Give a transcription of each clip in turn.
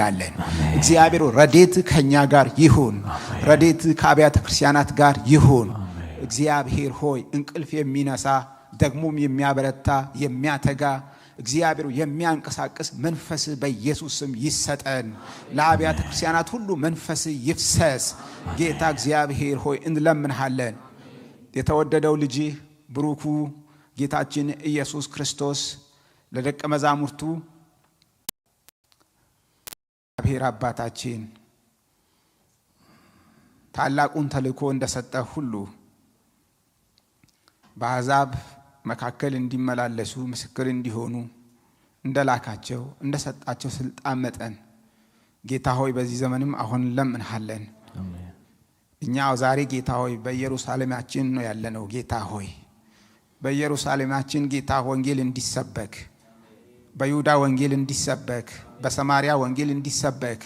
ያለን እግዚአብሔር ረዴት ከእኛ ጋር ይሁን። ረዴት ከአብያተ ክርስቲያናት ጋር ይሁን። እግዚአብሔር ሆይ እንቅልፍ የሚነሳ ደግሞም የሚያበረታ የሚያተጋ እግዚአብሔር የሚያንቀሳቅስ መንፈስ በኢየሱስ ስም ይሰጠን። ለአብያተ ክርስቲያናት ሁሉ መንፈስ ይፍሰስ። ጌታ እግዚአብሔር ሆይ እንለምንሃለን። የተወደደው ልጅ ብሩኩ ጌታችን ኢየሱስ ክርስቶስ ለደቀ መዛሙርቱ እግዚአብሔር አባታችን ታላቁን ተልእኮ እንደሰጠ ሁሉ በአሕዛብ መካከል እንዲመላለሱ ምስክር እንዲሆኑ እንደላካቸው እንደሰጣቸው ስልጣን መጠን ጌታ ሆይ በዚህ ዘመንም አሁን ለምንሃለን እኛ ዛሬ ጌታ ሆይ በኢየሩሳሌማችን ነው ያለነው። ጌታ ሆይ በኢየሩሳሌማችን ጌታ ወንጌል እንዲሰበክ በይሁዳ ወንጌል እንዲሰበክ፣ በሰማሪያ ወንጌል እንዲሰበክ፣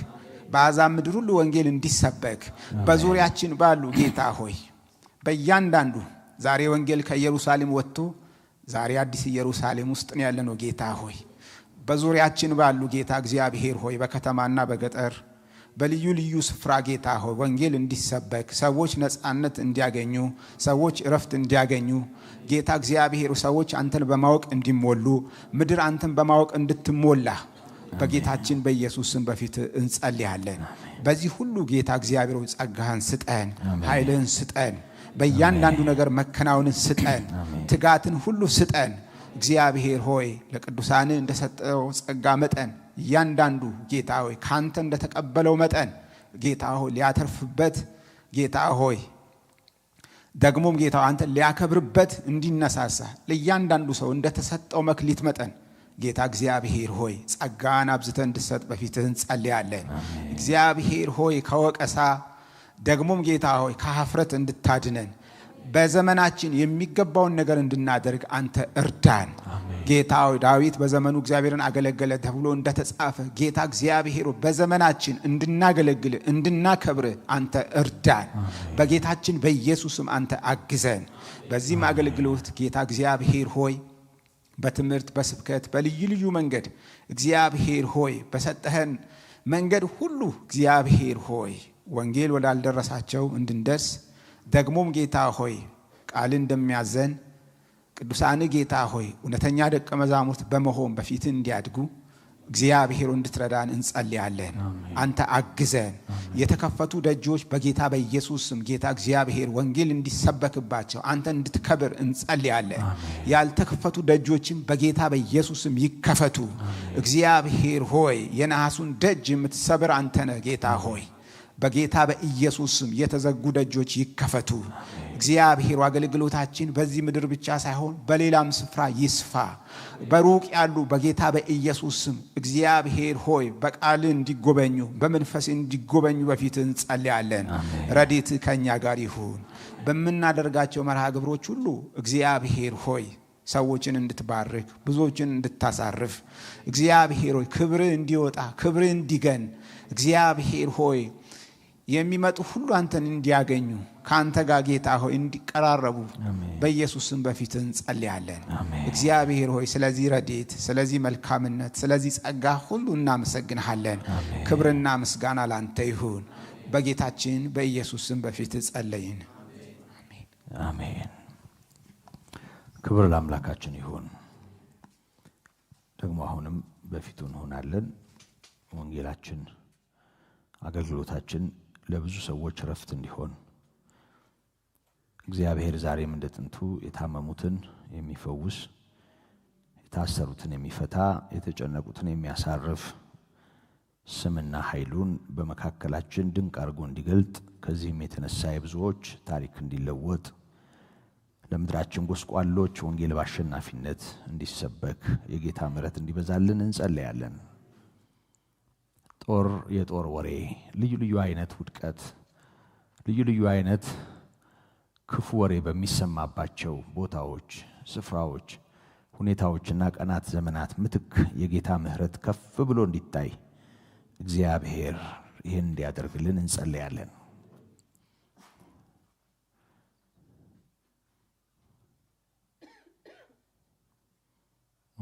በአሕዛብ ምድር ሁሉ ወንጌል እንዲሰበክ በዙሪያችን ባሉ ጌታ ሆይ በእያንዳንዱ ዛሬ ወንጌል ከኢየሩሳሌም ወጥቶ ዛሬ አዲስ ኢየሩሳሌም ውስጥ ነው ያለነው ጌታ ሆይ በዙሪያችን ባሉ ጌታ እግዚአብሔር ሆይ በከተማና በገጠር በልዩ ልዩ ስፍራ ጌታ ሆይ ወንጌል እንዲሰበክ ሰዎች ነፃነት እንዲያገኙ ሰዎች እረፍት እንዲያገኙ ጌታ እግዚአብሔር ሰዎች አንተን በማወቅ እንዲሞሉ ምድር አንተን በማወቅ እንድትሞላ በጌታችን በኢየሱስ በፊት እንጸልያለን። በዚህ ሁሉ ጌታ እግዚአብሔር ጸጋህን ስጠን፣ ኃይልህን ስጠን፣ በእያንዳንዱ ነገር መከናወንን ስጠን፣ ትጋትን ሁሉ ስጠን። እግዚአብሔር ሆይ ለቅዱሳን እንደሰጠው ጸጋ መጠን እያንዳንዱ ጌታ ሆይ ካንተ እንደተቀበለው መጠን ጌታ ሆይ ሊያተርፍበት ጌታ ሆይ ደግሞም ጌታ አንተ ሊያከብርበት እንዲነሳሳ ለእያንዳንዱ ሰው እንደተሰጠው መክሊት መጠን ጌታ እግዚአብሔር ሆይ ጸጋን አብዝተ እንድሰጥ በፊትህ እንጸልያለን። እግዚአብሔር ሆይ ከወቀሳ ደግሞም ጌታ ሆይ ከሀፍረት እንድታድነን በዘመናችን የሚገባውን ነገር እንድናደርግ አንተ እርዳን። ጌታ ዳዊት በዘመኑ እግዚአብሔርን አገለገለ ተብሎ እንደተጻፈ ጌታ እግዚአብሔር በዘመናችን እንድናገለግል እንድናከብር አንተ እርዳን። በጌታችን በኢየሱስም አንተ አግዘን። በዚህም አገልግሎት ጌታ እግዚአብሔር ሆይ በትምህርት በስብከት በልዩ ልዩ መንገድ እግዚአብሔር ሆይ በሰጠህን መንገድ ሁሉ እግዚአብሔር ሆይ ወንጌል ወዳልደረሳቸው እንድንደርስ ደግሞም ጌታ ሆይ ቃል እንደሚያዘን ቅዱሳን ጌታ ሆይ እውነተኛ ደቀ መዛሙርት በመሆን በፊት እንዲያድጉ እግዚአብሔር እንድትረዳን እንጸልያለን። አንተ አግዘን። የተከፈቱ ደጆች በጌታ በኢየሱስ ስም ጌታ እግዚአብሔር ወንጌል እንዲሰበክባቸው አንተ እንድትከብር እንጸልያለን። ያልተከፈቱ ደጆችም በጌታ በኢየሱስ ስም ይከፈቱ። እግዚአብሔር ሆይ የነሐሱን ደጅ የምትሰብር አንተነ ጌታ ሆይ በጌታ በኢየሱስ ስም የተዘጉ ደጆች ይከፈቱ። እግዚአብሔር አገልግሎታችን በዚህ ምድር ብቻ ሳይሆን በሌላም ስፍራ ይስፋ። በሩቅ ያሉ በጌታ በኢየሱስ ስም እግዚአብሔር ሆይ በቃል እንዲጎበኙ በመንፈስ እንዲጎበኙ በፊት እንጸልያለን። ረድኤት ከእኛ ጋር ይሁን። በምናደርጋቸው መርሃ ግብሮች ሁሉ እግዚአብሔር ሆይ ሰዎችን እንድትባርክ ብዙዎችን እንድታሳርፍ እግዚአብሔር ሆይ ክብር እንዲወጣ ክብር እንዲገን እግዚአብሔር ሆይ የሚመጡ ሁሉ አንተን እንዲያገኙ ከአንተ ጋር ጌታ ሆይ እንዲቀራረቡ በኢየሱስም በፊት እንጸልያለን። እግዚአብሔር ሆይ ስለዚህ ረዴት ስለዚህ መልካምነት፣ ስለዚህ ጸጋ ሁሉ እናመሰግንሃለን። ክብርና ምስጋና ላንተ ይሁን። በጌታችን በኢየሱስም በፊት ጸለይን። አሜን። ክብር ለአምላካችን ይሁን። ደግሞ አሁንም በፊቱ እንሆናለን። ወንጌላችን አገልግሎታችን ለብዙ ሰዎች ረፍት እንዲሆን እግዚአብሔር ዛሬም እንደ ጥንቱ የታመሙትን የሚፈውስ የታሰሩትን የሚፈታ የተጨነቁትን የሚያሳርፍ ስምና ኃይሉን በመካከላችን ድንቅ አድርጎ እንዲገልጥ ከዚህም የተነሳ የብዙዎች ታሪክ እንዲለወጥ ለምድራችን ጎስቋሎች ወንጌል በአሸናፊነት እንዲሰበክ የጌታ ምሕረት እንዲበዛልን እንጸለያለን። ጦር የጦር ወሬ፣ ልዩ ልዩ አይነት ውድቀት፣ ልዩ ልዩ አይነት ክፉ ወሬ በሚሰማባቸው ቦታዎች፣ ስፍራዎች፣ ሁኔታዎችና ቀናት፣ ዘመናት ምትክ የጌታ ምህረት ከፍ ብሎ እንዲታይ እግዚአብሔር ይህን እንዲያደርግልን እንጸለያለን።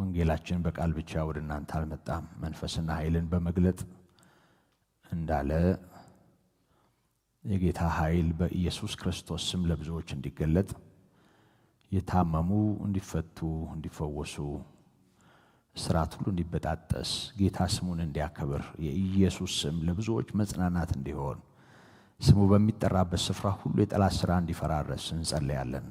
ወንጌላችን በቃል ብቻ ወደ እናንተ አልመጣም፣ መንፈስና ኃይልን በመግለጥ እንዳለ የጌታ ኃይል በኢየሱስ ክርስቶስ ስም ለብዙዎች እንዲገለጥ የታመሙ እንዲፈቱ፣ እንዲፈወሱ፣ ስርዓት ሁሉ እንዲበጣጠስ፣ ጌታ ስሙን እንዲያከብር፣ የኢየሱስ ስም ለብዙዎች መጽናናት እንዲሆን ስሙ በሚጠራበት ስፍራ ሁሉ የጠላት ስራ እንዲፈራረስ እንጸለያለን።